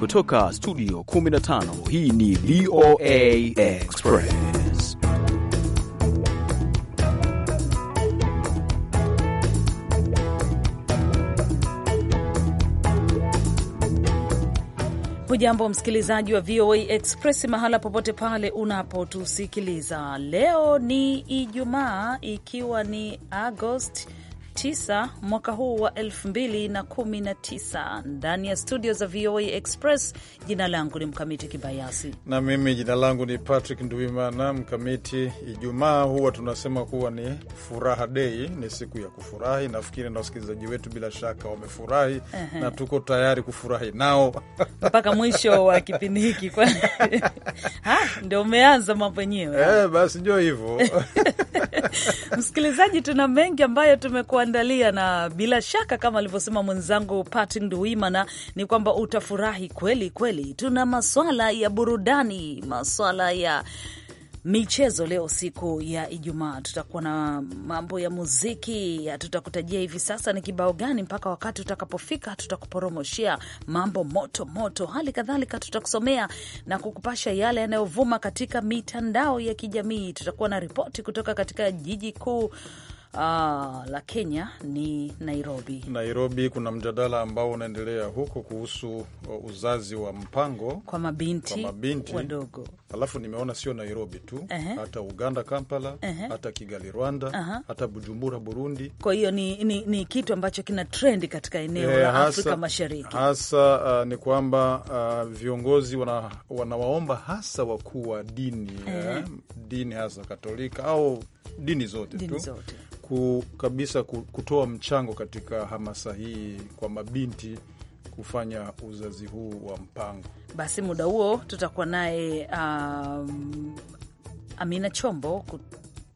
Kutoka studio 15 hii ni VOA Express. Hujambo msikilizaji wa VOA Express mahala popote pale unapotusikiliza. Leo ni Ijumaa ikiwa ni Agosti 9 mwaka huu wa 2019 ndani ya studio za VOA Express. Jina langu ni Mkamiti Kibayasi na mimi jina langu ni Patrick Nduimana. Mkamiti, Ijumaa huwa tunasema kuwa ni furaha dei, ni siku ya kufurahi. Nafikiri na wasikilizaji wetu bila shaka wamefurahi uh -huh. na tuko tayari kufurahi nao mpaka mwisho wa kipindi hiki ndio umeanza mambo yenyewe eh, basi njo hivyo msikilizaji, tuna mengi ambayo tumekuwa tuliokuandalia, na bila shaka kama alivyosema mwenzangu Patrick Nduimana ni kwamba utafurahi kweli kweli. Tuna maswala ya burudani, maswala ya michezo leo, siku ya Ijumaa, tutakuwa na mambo ya muziki. Tutakutajia hivi sasa ni kibao gani, mpaka wakati utakapofika tutakuporomoshea mambo moto moto. Hali kadhalika tutakusomea na kukupasha yale yanayovuma katika mitandao ya kijamii. Tutakuwa na ripoti kutoka katika jiji kuu uh, la Kenya ni Nairobi. Nairobi kuna mjadala ambao unaendelea huko kuhusu uh, uzazi wa mpango kwa mabinti, kwa mabinti wadogo alafu nimeona sio Nairobi tu uh -huh. hata Uganda Kampala uh -huh. hata Kigali Rwanda uh -huh. hata Bujumbura Burundi. Kwa hiyo ni, ni, ni kitu ambacho kina trendi katika eneo eh, la Afrika Mashariki hasa uh, ni kwamba uh, viongozi wana, wanawaomba hasa wakuu wa dini uh -huh. eh, dini hasa Katolika au dini zote dini tu zote. Ku, kabisa kutoa mchango katika hamasa hii kwa mabinti kufanya uzazi huu wa mpango. Basi muda huo tutakuwa naye um, Amina Chombo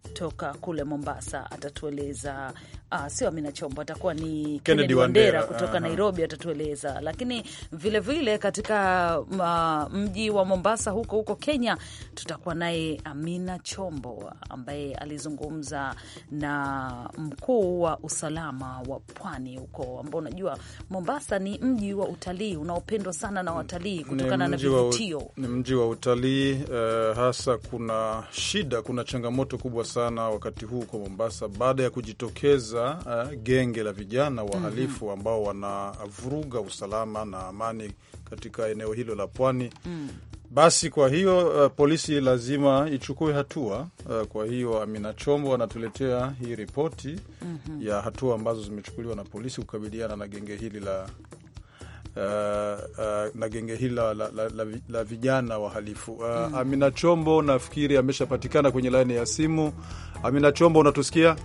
kutoka kule Mombasa atatueleza Ah, sio Amina Chombo, atakuwa ni Kennedy Wandera kutoka Nairobi, atatueleza. Lakini vilevile vile katika uh, mji wa Mombasa huko huko Kenya tutakuwa naye Amina Chombo ambaye alizungumza na mkuu wa usalama wa pwani huko, ambao unajua Mombasa ni mji wa utalii unaopendwa sana na watalii kutokana na vivutio, ni mji wa utalii uh, hasa kuna shida, kuna changamoto kubwa sana wakati huu huko Mombasa baada ya kujitokeza uh, genge la vijana wahalifu mhm. ambao wanavuruga usalama na amani katika eneo hilo la pwani mm. Basi kwa hiyo uh, polisi lazima ichukue hatua uh, kwa hiyo Amina Chombo anatuletea hii ripoti mm -hmm. ya hatua ambazo zimechukuliwa na polisi kukabiliana na genge hili la Uh, uh, na genge hili la, la, la, la vijana wahalifu uh, mm. Amina Chombo nafikiri ameshapatikana kwenye laini ya simu. Amina Chombo, unatusikia?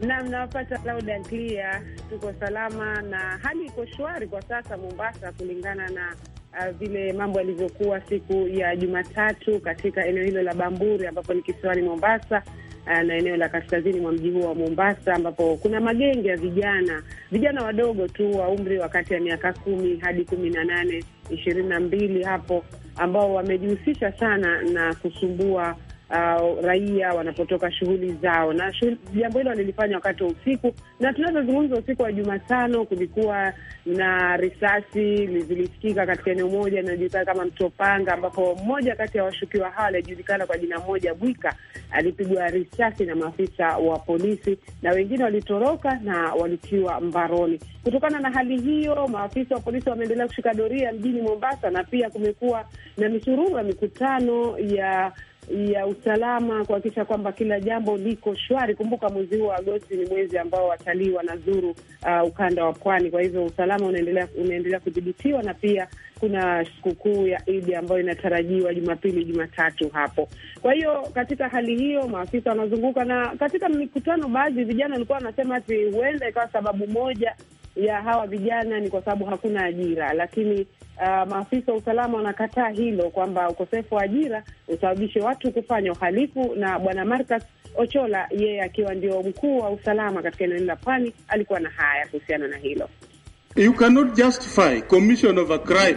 Naam, nawapata loud and clear. Tuko salama na hali iko shwari kwa sasa Mombasa, kulingana na uh, vile mambo yalivyokuwa siku ya Jumatatu katika eneo hilo la Bamburi ambapo ni kisiwani Mombasa uh, na eneo la kaskazini mwa mji huo wa Mombasa, ambapo kuna magenge ya vijana vijana wadogo tu wa umri wa kati ya miaka kumi hadi kumi na nane ishirini na mbili hapo, ambao wamejihusisha sana na kusumbua uh, raia wanapotoka shughuli zao, na jambo hilo walilifanya wakati wa usiku, na tunavyozungumza, usiku wa Jumatano kulikuwa na risasi zilisikika katika eneo moja inayojulikana kama Mtopanga, ambapo mmoja kati ya washukiwa hawa alijulikana kwa jina moja Bwika alipigwa risasi na maafisa wa polisi, na wengine walitoroka na walitiwa mbaroni. Kutokana na hali hiyo, maafisa wa polisi wameendelea kushika doria mjini Mombasa, na pia kumekuwa na misururu ya mikutano ya ya usalama kuhakikisha kwamba kila jambo liko shwari. Kumbuka mwezi huu wa Agosti ni mwezi ambao watalii wanazuru uh, ukanda wa pwani, kwa hivyo usalama unaendelea unaendelea kudhibitiwa, na pia kuna sikukuu ya Idi ambayo inatarajiwa Jumapili, Jumatatu hapo. Kwa hiyo katika hali hiyo maafisa wanazunguka, na katika mikutano, baadhi vijana walikuwa wanasema ati huenda ikawa sababu moja ya hawa vijana ni kwa sababu hakuna ajira, lakini uh, maafisa wa usalama wanakataa hilo kwamba ukosefu wa ajira usababishe watu kufanya uhalifu. Na bwana Marcus Ochola yeye akiwa ndio mkuu wa usalama katika eneo hili la pwani alikuwa na haya kuhusiana na hilo. You cannot justify commission of a crime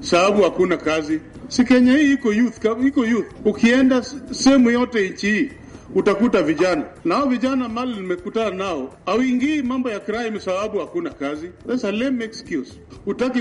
sababu hakuna kazi. Si Kenya hii iko youth, iko youth. Ukienda sehemu yote nchi hii utakuta vijana na hao vijana, mali limekutana nao, auingii mambo ya crime sababu hakuna kazi. Sasa lame excuse.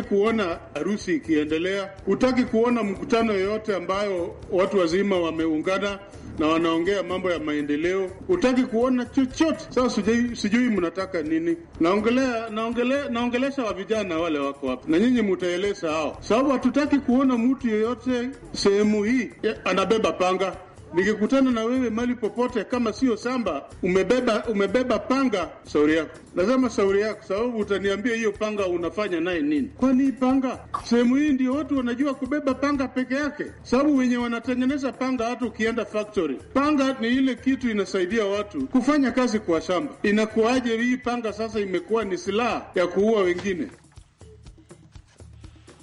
kuona harusi ikiendelea, utaki kuona mkutano yoyote ambayo watu wazima wameungana na wanaongea mambo ya maendeleo, utaki kuona chochote. Sasa sijui, sijui mnataka nini? Naongelea naongelea naongelesha wa vijana wale wako hapa, na nyinyi mutaeleza hao, sababu hatutaki kuona mtu yeyote sehemu hii anabeba panga nikikutana na wewe mali popote, kama sio samba, umebeba umebeba panga, shauri yako, lazima shauri yako, sababu utaniambia hiyo panga unafanya naye nini? Kwani panga sehemu hii ndio watu wanajua kubeba panga peke yake, sababu wenye wanatengeneza panga, hata ukienda factory, panga ni ile kitu inasaidia watu kufanya kazi kwa shamba. Inakuwaje hii panga sasa imekuwa ni silaha ya kuua wengine?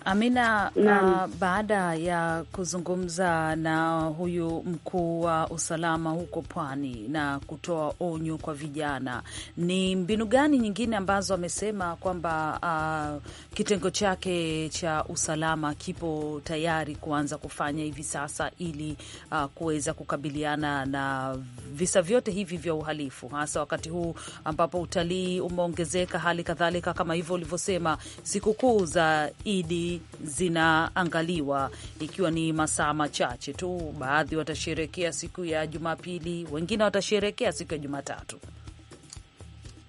Amina, uh, baada ya kuzungumza na huyu mkuu wa usalama huko pwani na kutoa onyo kwa vijana, ni mbinu gani nyingine ambazo amesema kwamba uh, kitengo chake cha usalama kipo tayari kuanza kufanya hivi sasa ili uh, kuweza kukabiliana na visa vyote hivi vya uhalifu, hasa wakati huu ambapo utalii umeongezeka, hali kadhalika kama hivyo ulivyosema, sikukuu za Idi zinaangaliwa, ikiwa ni masaa machache tu. Baadhi watasherekea siku ya Jumapili, wengine watasherekea siku ya Jumatatu.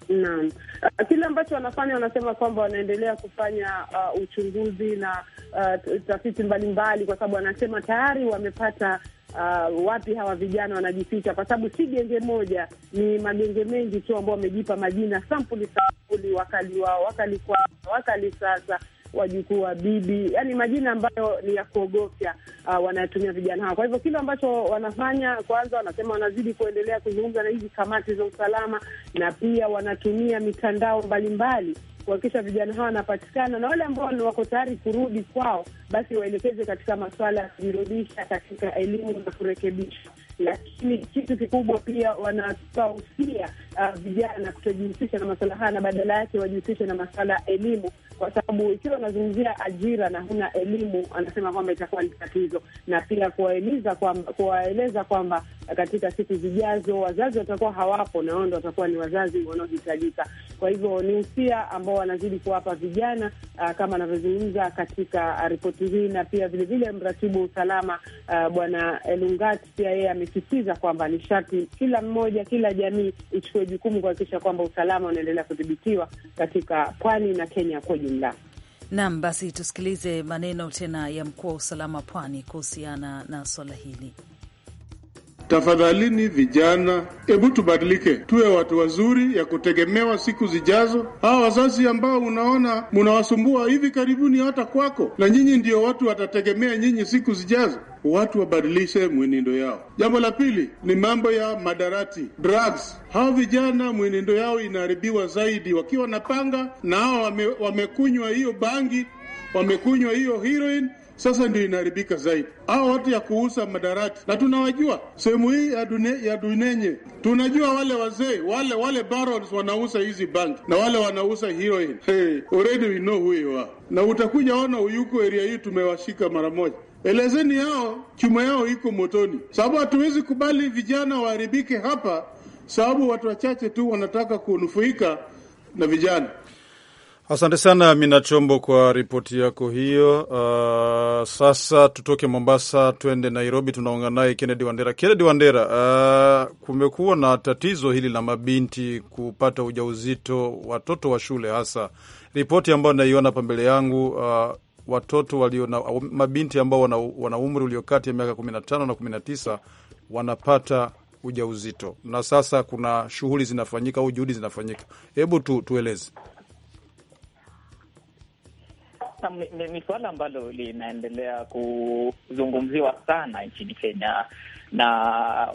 Naam, ah, kile ambacho wanafanya wanasema kwamba wanaendelea kufanya uh, uchunguzi na uh, tafiti mbalimbali, kwa sababu wanasema tayari wamepata uh, wapi hawa vijana wanajificha, kwa sababu si genge moja, ni magenge mengi tu ambao wamejipa majina, sampuli sampuli, wakali wao, wakali kwao, wakali sasa wajukuu wa bibi, yani majina ambayo ni ya kuogofya uh, wanayotumia vijana hawa. Kwa hivyo kile ambacho wanafanya kwanza, wanasema wanazidi kuendelea kuzungumza na hizi kamati za usalama, na pia wanatumia mitandao mbalimbali kuhakikisha vijana hawa wanapatikana na wale ambao wako tayari kurudi kwao, basi waelekeze katika masuala ya kujirudisha katika elimu na kurekebisha. Lakini kitu kikubwa pia wanatahusia uh, vijana kutojihusisha na masuala haya, na badala yake wajihusishe na masuala ya elimu, kwa sababu ikiwa wanazungumzia ajira na huna elimu, anasema kwamba itakuwa ni tatizo, na pia kuwaeleza kwamba kuwaeleza kwamba katika siku zijazo wazazi watakuwa hawapo na wao ndo watakuwa ni wazazi wanaohitajika. Kwa hivyo ni usia ambao wanazidi kuwapa vijana uh, kama anavyozungumza katika uh, ripoti hii, na pia vilevile mratibu wa usalama uh, bwana Elungat pia yeye amesisitiza kwamba ni sharti kila mmoja, kila jamii ichukue jukumu kuhakikisha kwamba usalama unaendelea kudhibitiwa katika pwani na Kenya kwa jumla. Naam, basi tusikilize maneno tena ya mkuu wa usalama pwani kuhusiana na swala hili. Tafadhalini vijana, hebu tubadilike, tuwe watu wazuri ya kutegemewa siku zijazo. Hawa wazazi ambao unaona munawasumbua hivi karibuni hata kwako, na nyinyi ndio watu watategemea nyinyi siku zijazo. Watu wabadilishe mwenendo yao. Jambo la pili ni mambo ya madarati, drugs. Hawa vijana mwenendo yao inaharibiwa zaidi wakiwa na panga, na hawa wamekunywa hiyo bangi, wamekunywa hiyo heroin sasa ndio inaharibika zaidi. Hao watu ya kuuza madarati na tunawajua sehemu hii ya, dune, ya Dunenye tunajua wale wazee wale wale barons wanauza hizi banki na wale wanauza heroin. Hey, already we know who you are, na utakuja ona uyuko eria hii tumewashika mara moja. Elezeni yao chuma yao iko motoni, sababu hatuwezi kubali vijana waharibike hapa, sababu watu wachache tu wanataka kunufuika na vijana. Asante sana Mina Chombo kwa ripoti yako hiyo. Uh, sasa tutoke Mombasa tuende Nairobi, tunaungana naye Kennedy Wandera. Kennedy Wandera, uh, kumekuwa na tatizo hili la mabinti kupata ujauzito, watoto wa shule hasa. Ripoti ambayo naiona hapa mbele yangu, uh, watoto walio na mabinti ambao wana, wana umri ulio kati ya miaka kumi na tano na kumi na tisa wanapata ujauzito, na sasa kuna shughuli zinafanyika au juhudi zinafanyika. Hebu tu, tueleze sasa ni, suala ambalo linaendelea kuzungumziwa sana nchini Kenya, na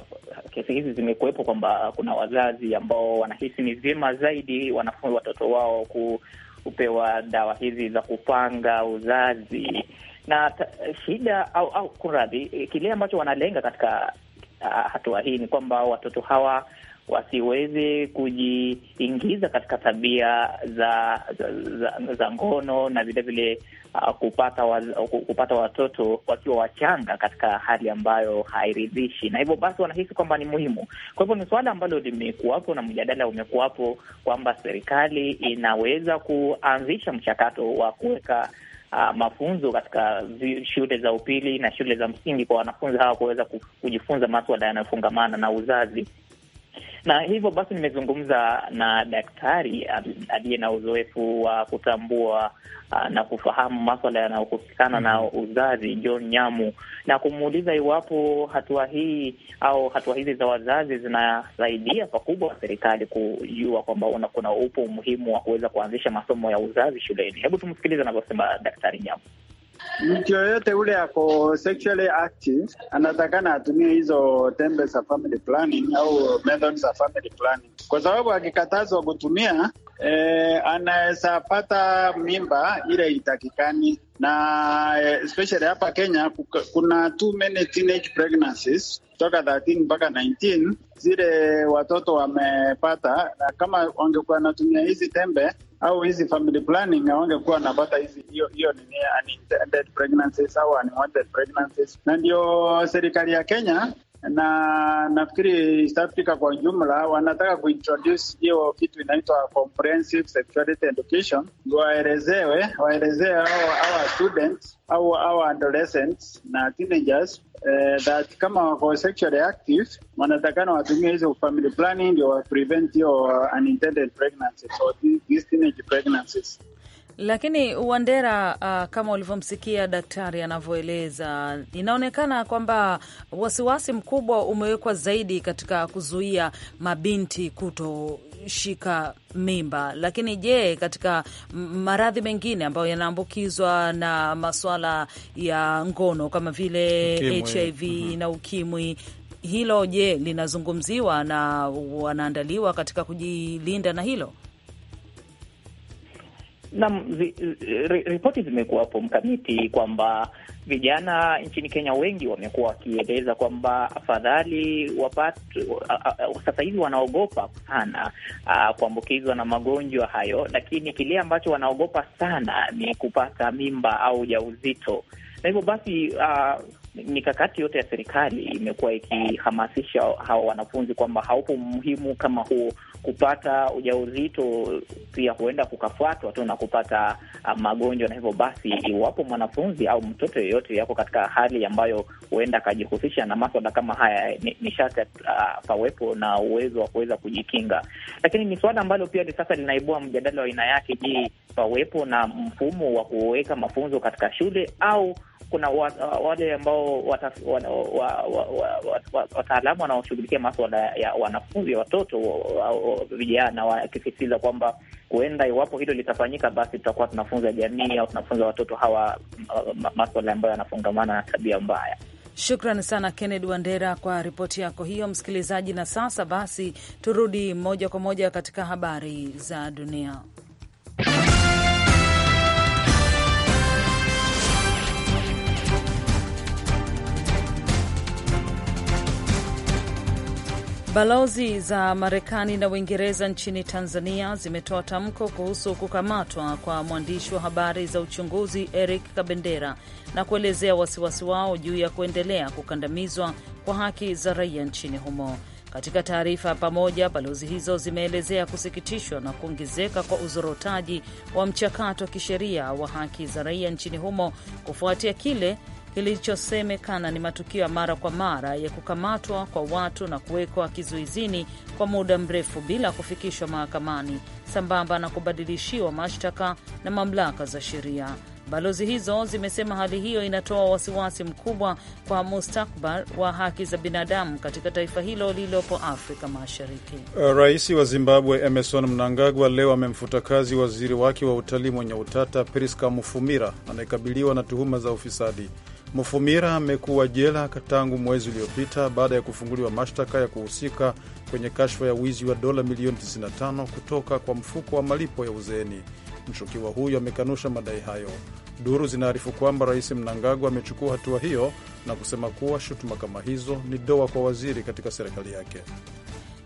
kesi hizi zimekuwepo kwamba kuna wazazi ambao wanahisi ni vyema zaidi wanafunzi watoto wao kupewa dawa hizi za kupanga uzazi na ta, shida au, au kuradhi, kile ambacho wanalenga katika uh, hatua hii ni kwamba watoto hawa wasiweze kujiingiza katika tabia za za, za, za ngono na vilevile uh, kupata wa, kupata watoto wakiwa wachanga katika hali ambayo hairidhishi, na hivyo basi wanahisi kwamba ni muhimu. Kwa hivyo ni suala ambalo limekuwapo na mjadala umekuwapo kwamba serikali inaweza kuanzisha mchakato wa kuweka Uh, mafunzo katika shule za upili na shule za msingi kwa wanafunzi hawa kuweza kujifunza maswala yanayofungamana na uzazi na hivyo basi nimezungumza na daktari aliye na uzoefu wa uh, kutambua uh, na kufahamu maswala yanayohusikana mm -hmm. na uzazi John Nyamu na kumuuliza iwapo hatua hii au hatua hizi za wazazi zinasaidia pakubwa serikali kujua kwamba kuna upo umuhimu wa kuweza kuanzisha masomo ya uzazi shuleni. Hebu tumsikilize anavyosema Daktari Nyamu. Mtu yoyote ule ako sexually active anatakana atumie hizo tembe za family planning au method za family planning, kwa sababu akikatazwa kutumia eh, anaweza pata mimba ile itakikani na eh, especially hapa Kenya kuna too many teenage pregnancies toka 13 mpaka 19 zile watoto wamepata, na kama wangekuwa wanatumia hizi tembe au hizi family planning hawangekuwa wanapata hizi hiyo hiyo nini unintended pregnancies au unwanted pregnancies, na ndio serikali ya Kenya na nafikiri East Africa kwa jumla wanataka kuintroduce hiyo kitu inaitwa comprehensive sexuality education, ndio waelezewe waelezee our students au our adolescents na teenagers eh, that kama wako sexually active wanatakana watumie hizo family planning ndio wa prevent hiyo unintended pregnancies or these teenage pregnancies. Lakini Wandera, uh, kama ulivyomsikia daktari anavyoeleza, inaonekana kwamba wasiwasi mkubwa umewekwa zaidi katika kuzuia mabinti kutoshika mimba. Lakini je, katika maradhi mengine ambayo yanaambukizwa na masuala ya ngono kama vile ukimwi, HIV -hmm. na ukimwi hilo je, linazungumziwa na wanaandaliwa katika kujilinda na hilo? Naam, zi, ripoti zimekuwa po mkamiti kwamba vijana nchini Kenya wengi wamekuwa wakieleza kwamba afadhali wapate, sasa hivi wanaogopa sana kuambukizwa na magonjwa hayo, lakini kile ambacho wanaogopa sana ni kupata mimba au ujauzito na hivyo basi uh, mikakati yote ya serikali imekuwa ikihamasisha hawa wanafunzi kwamba haupo muhimu kama huo. Kupata ujauzito pia huenda kukafuatwa tu na kupata ah, magonjwa, na hivyo basi, iwapo mwanafunzi au mtoto yeyote yako katika hali ambayo huenda akajihusisha na maswala kama haya, ni, sharti uh, pawepo na uwezo wa kuweza kujikinga. Lakini ni suala ambalo pia sasa linaibua mjadala wa aina yake. Je, pawepo na mfumo wa kuweka mafunzo katika shule au kuna uh, wale ambao wataalamu wanaoshughulikia maswala ya wanafunzi watoto, vijana, wakisisitiza kwamba huenda iwapo hilo litafanyika, basi tutakuwa tunafunza jamii au tunafunza watoto hawa uh, maswala ambayo yanafungamana na tabia mbaya. Shukran sana Kennedy Wandera kwa ripoti yako hiyo, msikilizaji. Na sasa basi turudi moja kwa moja katika habari za dunia. Balozi za Marekani na Uingereza nchini Tanzania zimetoa tamko kuhusu kukamatwa kwa mwandishi wa habari za uchunguzi Eric Kabendera na kuelezea wasiwasi wao juu ya kuendelea kukandamizwa kwa haki za raia nchini humo. Katika taarifa ya pamoja, balozi hizo zimeelezea kusikitishwa na kuongezeka kwa uzorotaji wa mchakato wa kisheria wa haki za raia nchini humo kufuatia kile Kilichosemekana ni matukio ya mara kwa mara ya kukamatwa kwa watu na kuwekwa kizuizini kwa muda mrefu bila kufikishwa mahakamani, sambamba na kubadilishiwa mashtaka na mamlaka za sheria. Balozi hizo zimesema hali hiyo inatoa wasiwasi mkubwa kwa mustakbal wa haki za binadamu katika taifa hilo lililopo Afrika Mashariki. Uh, rais wa Zimbabwe Emerson Mnangagwa leo amemfuta kazi waziri wake wa utalii mwenye utata Priska Mufumira anayekabiliwa na tuhuma za ufisadi. Mufumira amekuwa jela tangu mwezi uliopita baada ya kufunguliwa mashtaka ya kuhusika kwenye kashfa ya wizi wa dola milioni 95 kutoka kwa mfuko wa malipo ya uzeeni. Mshukiwa huyo amekanusha madai hayo. Duru zinaarifu kwamba Rais Mnangagwa amechukua hatua hiyo na kusema kuwa shutuma kama hizo ni doa kwa waziri katika serikali yake.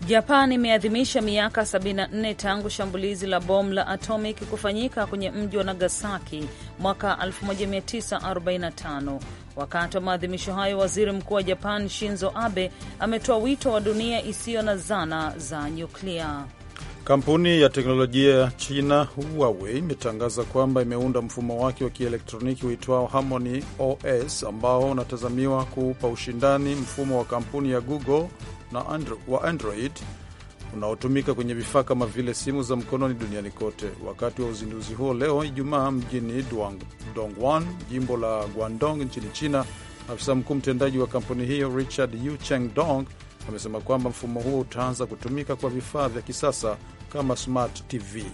Japan imeadhimisha miaka 74 tangu shambulizi la bomu la atomic kufanyika kwenye mji wa Nagasaki mwaka 1945. Wakati wa maadhimisho hayo, waziri mkuu wa Japan Shinzo Abe ametoa wito wa dunia isiyo na zana za nyuklia. Kampuni ya teknolojia ya China Huawei imetangaza kwamba imeunda mfumo wake wa kielektroniki uitwao Harmony OS ambao unatazamiwa kuupa ushindani mfumo wa kampuni ya Google na Andro, wa Android unaotumika kwenye vifaa kama vile simu za mkononi duniani kote. Wakati wa uzinduzi huo leo Ijumaa mjini Dongguan, jimbo la Guangdong nchini China, afisa mkuu mtendaji wa kampuni hiyo Richard Yu Cheng Dong amesema kwamba mfumo huo utaanza kutumika kwa vifaa vya kisasa kama Smart TV.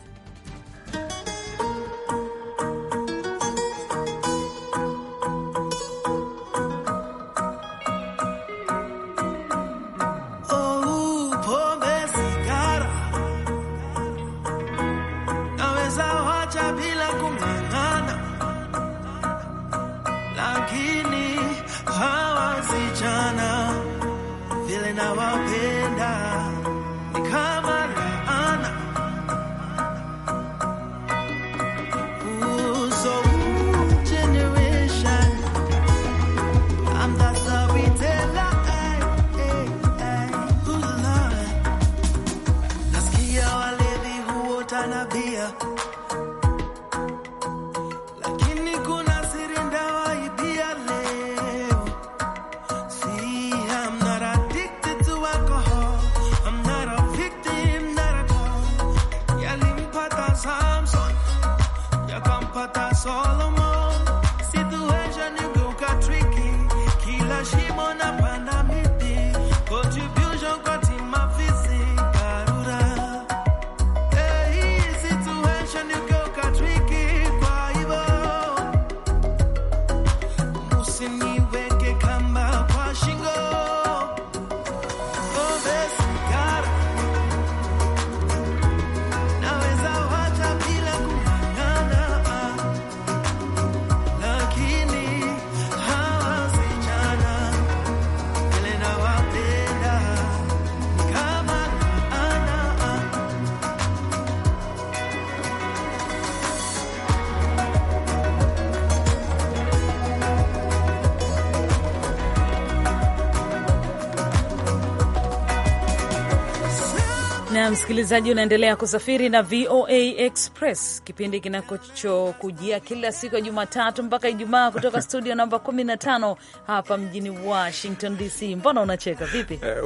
Msikilizaji, unaendelea kusafiri na VOA Express, kipindi kinachokujia kila siku ya Jumatatu mpaka Ijumaa kutoka studio namba 15 hapa mjini Washington DC. Mbona unacheka vipi? Eh,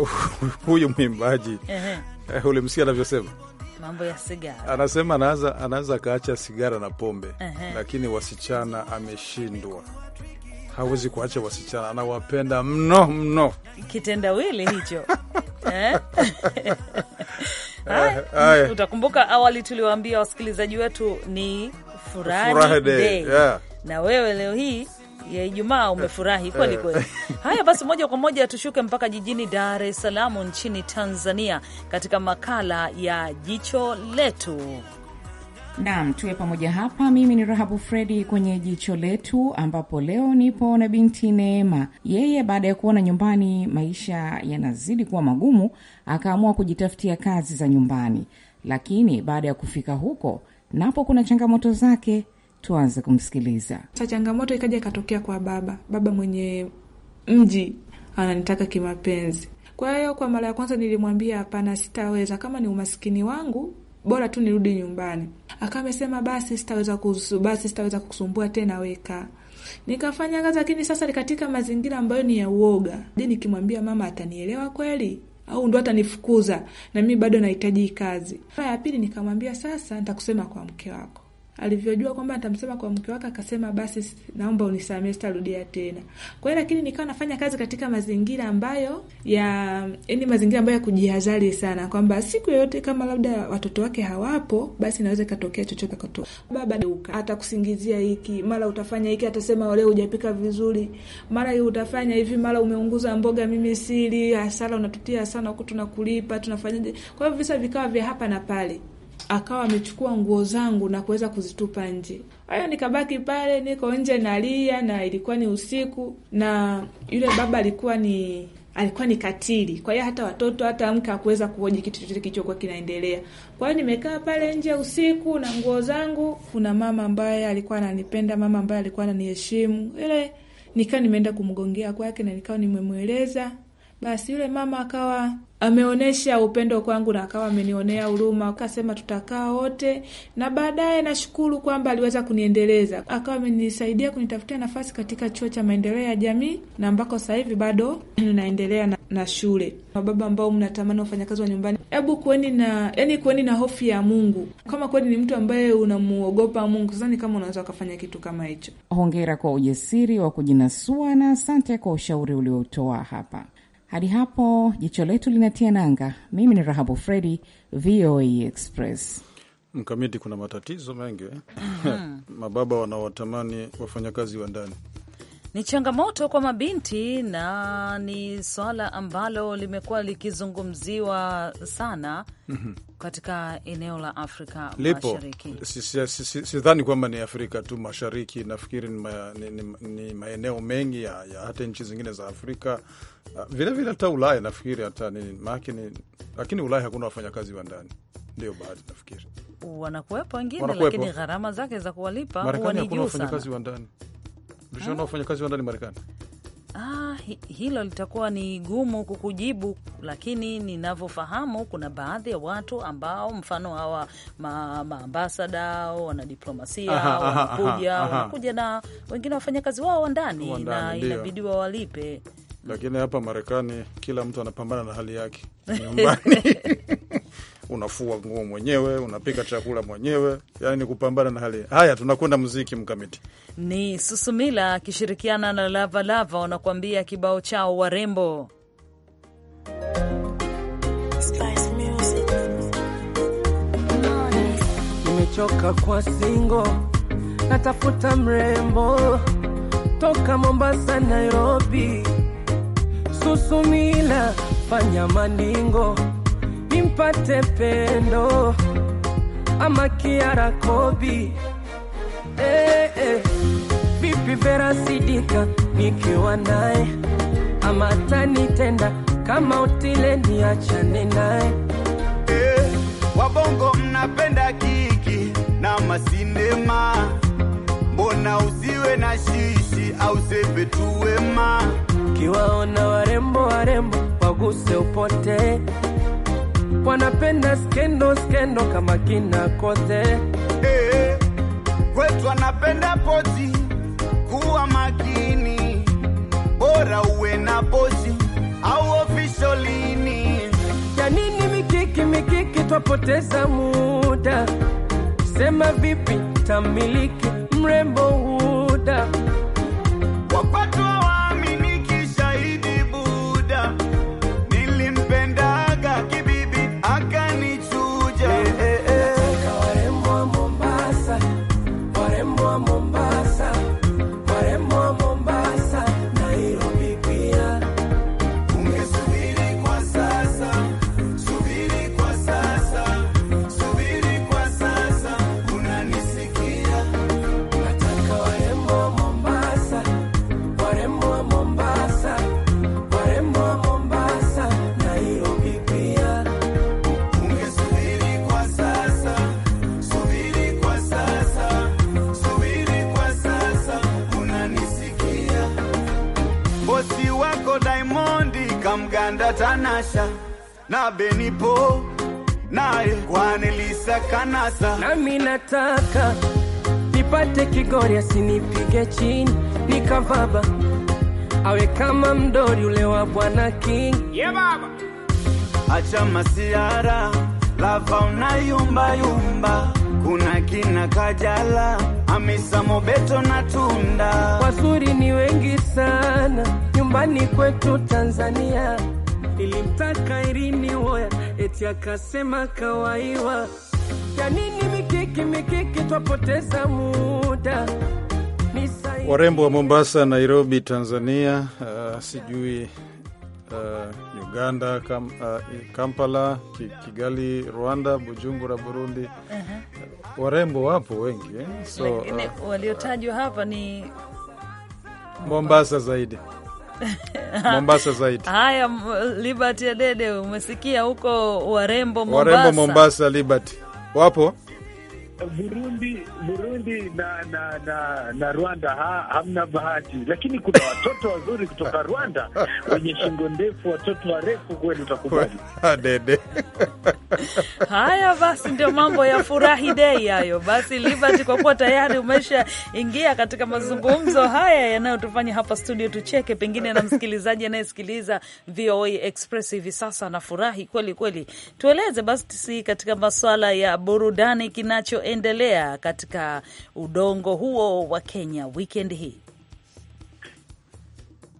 huyu mwimbaji eh, ulimsikia anavyosema mambo ya sigara, anasema anaweza akaacha sigara na pombe uh -huh. Lakini wasichana ameshindwa hawezi kuacha wasichana, anawapenda mno mno. Kitendawili hicho eh? Eh, utakumbuka awali tuliwaambia wasikilizaji wetu ni furaha yeah. Na wewe leo hii ya Ijumaa umefurahi eh, kweli eh. kweli. Haya basi, moja kwa moja tushuke mpaka jijini Dar es Salaam nchini Tanzania, katika makala ya jicho letu. Naam, tuwe pamoja hapa. Mimi ni Rahabu Fredi kwenye jicho letu, ambapo leo nipo na binti Neema. Yeye baada ya kuona nyumbani maisha yanazidi kuwa magumu, akaamua kujitafutia kazi za nyumbani, lakini baada ya kufika huko napo kuna changamoto zake. Tuanze kumsikiliza. Sa changamoto ikaja ikatokea kwa baba, baba mwenye mji ananitaka kimapenzi. Kwa hiyo kwa mara ya kwanza nilimwambia hapana, sitaweza. Kama ni umaskini wangu bora tu nirudi nyumbani. akamesema basi sitaweza basi sitaweza kusumbua tena, weka Nikafanya kazi lakini sasa katika mazingira ambayo ni ya uoga. Je, nikimwambia mama atanielewa kweli au ndo atanifukuza na mimi bado nahitaji kazi? Mara ya pili nikamwambia sasa nitakusema kwa mke wako. Alivyojua kwamba atamsema kwa mke wake akasema, basi naomba unisamee, sitarudia tena. Kwa hiyo lakini nikawa nafanya kazi katika mazingira ambayo ya yani, mazingira ambayo ya kujihadhari sana, kwamba siku yoyote kama labda watoto wake hawapo, basi naweza ikatokea chochote. Baba atakusingizia hiki, mara utafanya hiki, atasema leo hujapika vizuri, mara hii utafanya hivi, mara umeunguza mboga mimi sili, hasara unatutia sana huku, tunakulipa tunafanyaje? Kwa hiyo visa vikawa vya hapa na pale akawa amechukua nguo zangu na kuweza kuzitupa nje. Kwa hiyo nikabaki pale, niko nje nalia, na ilikuwa ni usiku, na yule baba alikuwa ni alikuwa ni katili. Kwa hiyo hata watoto hata mke hakuweza kuhoji kitu chochote kilichokuwa kinaendelea. Kwa hiyo nimekaa pale nje usiku na nguo zangu. Kuna mama ambaye alikuwa ananipenda, mama ambaye alikuwa ananiheshimu, ile nikaa nimeenda kumgongea kwake na nikawa nimemweleza. Basi yule mama akawa ameonyesha upendo kwangu na akawa amenionea huruma, akasema tutakaa wote, na baadaye nashukuru kwamba aliweza kuniendeleza, akawa amenisaidia kunitafutia nafasi katika chuo cha maendeleo ya jamii, na ambako sasa hivi bado ninaendelea na, na shule. Mababa ambao mnatamani wafanyakazi wa nyumbani, hebu kuweni na yani, kuweni na hofu ya Mungu. Kama kweli ni mtu ambaye unamuogopa Mungu, sidhani kama unaweza ukafanya kitu kama hicho. Hongera kwa ujasiri wa kujinasua na asante kwa ushauri uliotoa hapa. Hadi hapo jicho letu linatia nanga. Mimi ni Rahabu Fredi, VOA Express. Mkamiti, kuna matatizo mengi eh? Mababa wanawatamani wafanyakazi wa ndani ni changamoto kwa mabinti na ni swala ambalo limekuwa likizungumziwa sana mm -hmm. katika eneo la Afrika lipo. Mashariki sidhani kwamba ni Afrika tu Mashariki, nafikiri ni, ma, ni, ni, ni maeneo mengi ya, ya hata nchi zingine za Afrika vilevile ah, hata vile Ulaya nafikiri hata nini lakini Ulaya hakuna wafanyakazi wa ndani ndio baadhi nafikiri wanakuwepo wengine, lakini gharama zake za kuwalipa huwa ni juu sana. Wafanyakazi wa ndani kushirikiana wafanyakazi wa ndani Marekani? Ah, hilo litakuwa ni gumu kukujibu, lakini ninavyofahamu kuna baadhi ya watu ambao mfano hawa ma, maambasada wanadiplomasia wanakuja wanakuja na wengine wafanyakazi wao wa ndani na inabidi wawalipe, lakini hapa Marekani kila mtu anapambana na hali yake nyumbani unafua nguo mwenyewe, unapika chakula mwenyewe, yani ni kupambana na hali haya. Tunakwenda muziki mkamiti, ni Susumila akishirikiana na Lavalava wanakuambia kibao chao warembo Nimechoka kwa singo, natafuta mrembo toka Mombasa, Nairobi, Susumila fanya maningo nipate pendo ama Kiara Kobi eh, eh. Vipi Vera Sidika nikiwa naye ama tanitenda kama utile niachane naye eh, wabongo mnapenda kiki na masinema, mbona usiwe na shishi au sepe tuwema, kiwaona warembo warembo waguse upote wanapenda skendo skendo kama kina kote hey, eh, kwetu wanapenda poti. Kuwa makini, bora uwe na pozi au ofisholini. Ya nini mikiki mikiki, twapoteza muda. Sema vipi tamiliki mrembo huda Tanasha na Benipo naye Gwanelisa Kanasa. Nami nataka nipate Kigori asinipige chini nikavaba, awe kama mdori ule wa Bwana King. Yeah, baba, acha masiara lava unayumba yumba kuna kina Kajala, amisa Mobeto na Tunda, wazuri ni wengi sana nyumbani kwetu Tanzania nilimtaka Irini woya eti akasema kawaiwa. Ya nini mikiki mikiki, twapoteza muda. Warembo wa Mombasa, Nairobi, Tanzania, uh, sijui uh, Uganda kam, uh, Kampala, Kigali, Rwanda, Bujumbura, Burundi. uh -huh. Warembo wapo wengi eh? so, uh, waliotajwa hapa ni Mombasa zaidi. Mombasa zaidi. Haya, Liberty Adede, umesikia huko warembo Mombasa, warembo Mombasa, Liberty wapo Burundi Burundi na na na, na Rwanda ha, hamna bahati, lakini kuna watoto wazuri kutoka Rwanda wenye shingo ndefu, watoto warefu kweli, utakubali Haya basi, ndio mambo ya furahi dei hayo. Basi Liberty, kwa kuwa tayari umesha ingia katika mazungumzo haya yanayotufanya hapa studio tucheke, pengine na msikilizaji anayesikiliza VOA Express hivi sasa anafurahi kweli kweli, tueleze basi katika maswala ya burudani kinacho yanayoendelea katika udongo huo wa Kenya wikendi hii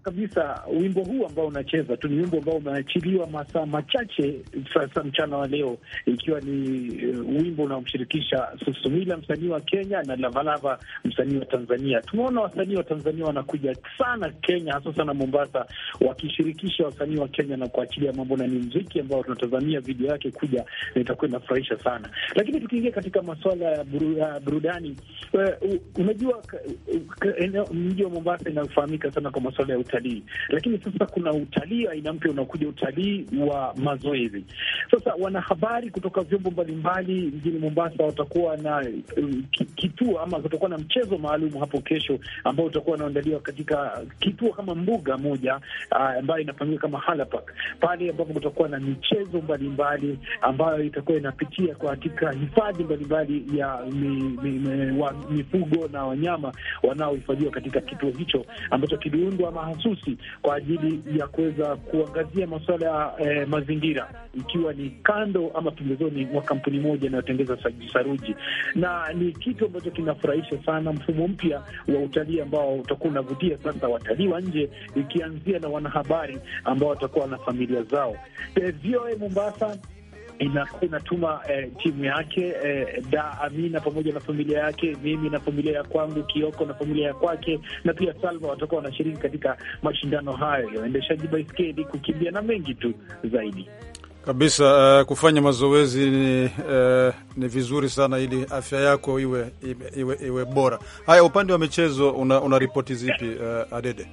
kabisa wimbo huu ambao unacheza tu ni wimbo ambao umeachiliwa masaa machache sasa mchana wa leo, ikiwa ni uh, wimbo unaomshirikisha Susumila msanii wa Kenya na Lavalava msanii wa Tanzania. Tumeona wasanii wa Tanzania wanakuja sana Kenya, hasa sana Mombasa, wakishirikisha wasanii wa Kenya na kuachilia mambo, na ni mziki ambao tunatazamia video yake kuja na itakuwa inafurahisha sana. Lakini tukiingia katika masuala ya uh, burudani, uh, unajua uh, uh, mji wa Mombasa inafahamika sana kwa masuala ya utalii utalii, lakini sasa kuna utalii aina mpya unakuja, utalii wa mazoezi. Sasa wanahabari kutoka vyombo mbalimbali mjini Mombasa watakuwa na um, kituo ama kutakuwa na mchezo maalum hapo kesho ambao utakuwa unaandaliwa katika kituo kama mbuga moja uh, ambayo inafanyika kama hala park pale ambapo kutakuwa na michezo mbalimbali ambayo itakuwa inapitia katika hifadhi mbalimbali ya mi, mi, mi, wa, mifugo na wanyama wanaohifadhiwa katika kituo hicho ambacho kiliundwa mahususi kwa ajili ya kuweza kuangazia masuala ya eh, mazingira, ikiwa ni kando ama pembezoni mwa kampuni moja inayotengeza saruji, na ni kitu ambacho kinafurahisha sana, mfumo mpya wa utalii ambao utakuwa unavutia sasa watalii wa nje, ikianzia na wanahabari ambao watakuwa na familia zao. Eh, VOA Mombasa inatuma eh, timu yake eh, da Amina pamoja na familia yake, mimi na familia ya kwangu, Kioko na familia ya kwake, na pia Salva watakuwa wanashiriki katika mashindano hayo ya uendeshaji baiskeli, kukimbia na mengi tu zaidi kabisa. Uh, kufanya mazoezi ni, uh, ni vizuri sana ili afya yako iwe, iwe, iwe, iwe bora. Haya, upande wa michezo una, una ripoti zipi uh, Adede?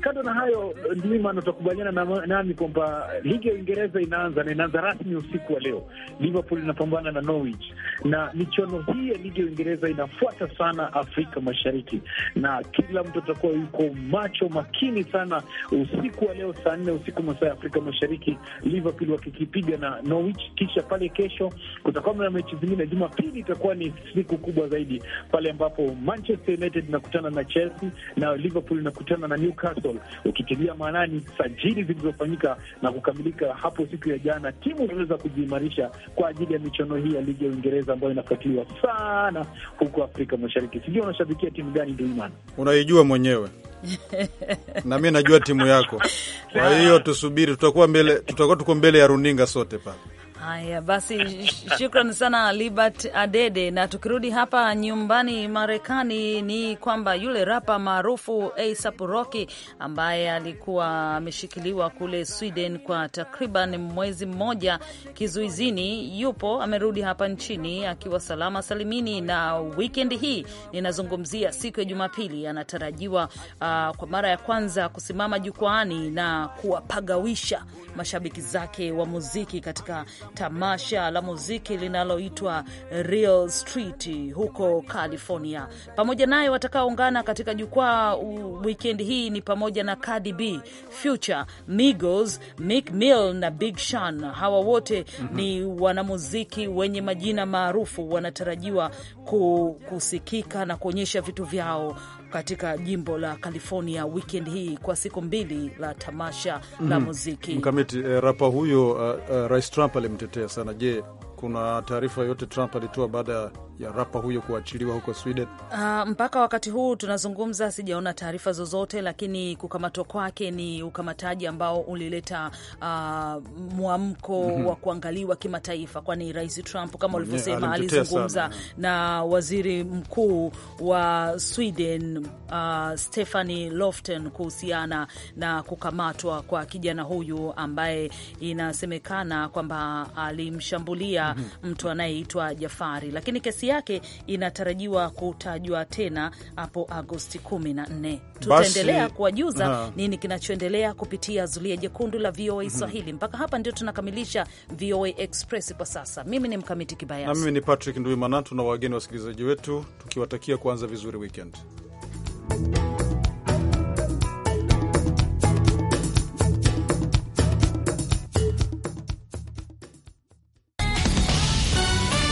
Kando na hayo, ndima utakubaliana na nami kwamba ligi ya Uingereza inaanza na inaanza rasmi usiku wa leo. Liverpool inapambana na Norwich, na michuano hii ya ligi ya Uingereza inafuata sana Afrika Mashariki, na kila mtu atakuwa yuko macho makini sana usiku wa leo saa nne usiku masaa ya Afrika Mashariki, Liverpool wakikipiga na Norwich. Kisha pale kesho kutakuwa na mechi zingine. Jumapili itakuwa ni siku kubwa zaidi pale ambapo Manchester United inakutana na Chelsea na Liverpool inakutana na Newcastle. Newcastle, ukitilia maanani sajili zilizofanyika na kukamilika hapo siku ya jana, timu inaweza kujiimarisha kwa ajili ya michuano hii ya ligi ya Uingereza ambayo inafuatiliwa sana huko Afrika Mashariki. Sijui unashabikia timu gani, Duiman? Unaijua mwenyewe na mi najua timu yako, kwa hiyo tusubiri, tutakuwa mbele, tutakuwa tuko mbele ya runinga sote pale. Haya basi, shukran sana Libert Adede. Na tukirudi hapa nyumbani Marekani, ni kwamba yule rapa maarufu ASAP Rocky ambaye alikuwa ameshikiliwa kule Sweden kwa takriban mwezi mmoja kizuizini, yupo amerudi hapa nchini akiwa salama salimini, na wikendi hii ninazungumzia siku ya Jumapili anatarajiwa uh, kwa mara ya kwanza kusimama jukwaani na kuwapagawisha mashabiki zake wa muziki katika tamasha la muziki linaloitwa Real Street huko California. Pamoja naye watakaoungana katika jukwaa wikendi hii ni pamoja na Cardi B, Future, Migos, Meek Mill na Big Sean. Hawa wote mm -hmm. ni wanamuziki wenye majina maarufu, wanatarajiwa kusikika na kuonyesha vitu vyao katika jimbo la California weekend hii kwa siku mbili la tamasha mm -hmm. la mhm. muziki mkamiti. Eh, rapa huyo uh, uh, Rais Trump alimtetea sana. Je, kuna taarifa yoyote Trump alitoa baada ya ya rapa huyo kuachiliwa huko Sweden. Uh, mpaka wakati huu tunazungumza, sijaona taarifa zozote, lakini kukamatwa kwake ni ukamataji ambao ulileta uh, mwamko mm -hmm. wa kuangaliwa kimataifa, kwani Rais Trump kama mm, ulivyosema, alizungumza na waziri mkuu wa Sweden uh, ah, Stefani Lofton kuhusiana na kukamatwa kwa kijana huyu ambaye inasemekana kwamba alimshambulia mm -hmm. mtu anayeitwa Jafari, lakini kesi kesi yake inatarajiwa kutajwa tena hapo Agosti 14. Tutaendelea kuwajuza nini kinachoendelea kupitia zulia jekundu la VOA mhm. Swahili. Mpaka hapa ndio tunakamilisha VOA Express kwa sasa. Mimi ni Mkamiti Kibayasi na mimi ni Patrick Nduimana. Tuna wageni wasikilizaji wetu tukiwatakia kuanza vizuri weekend.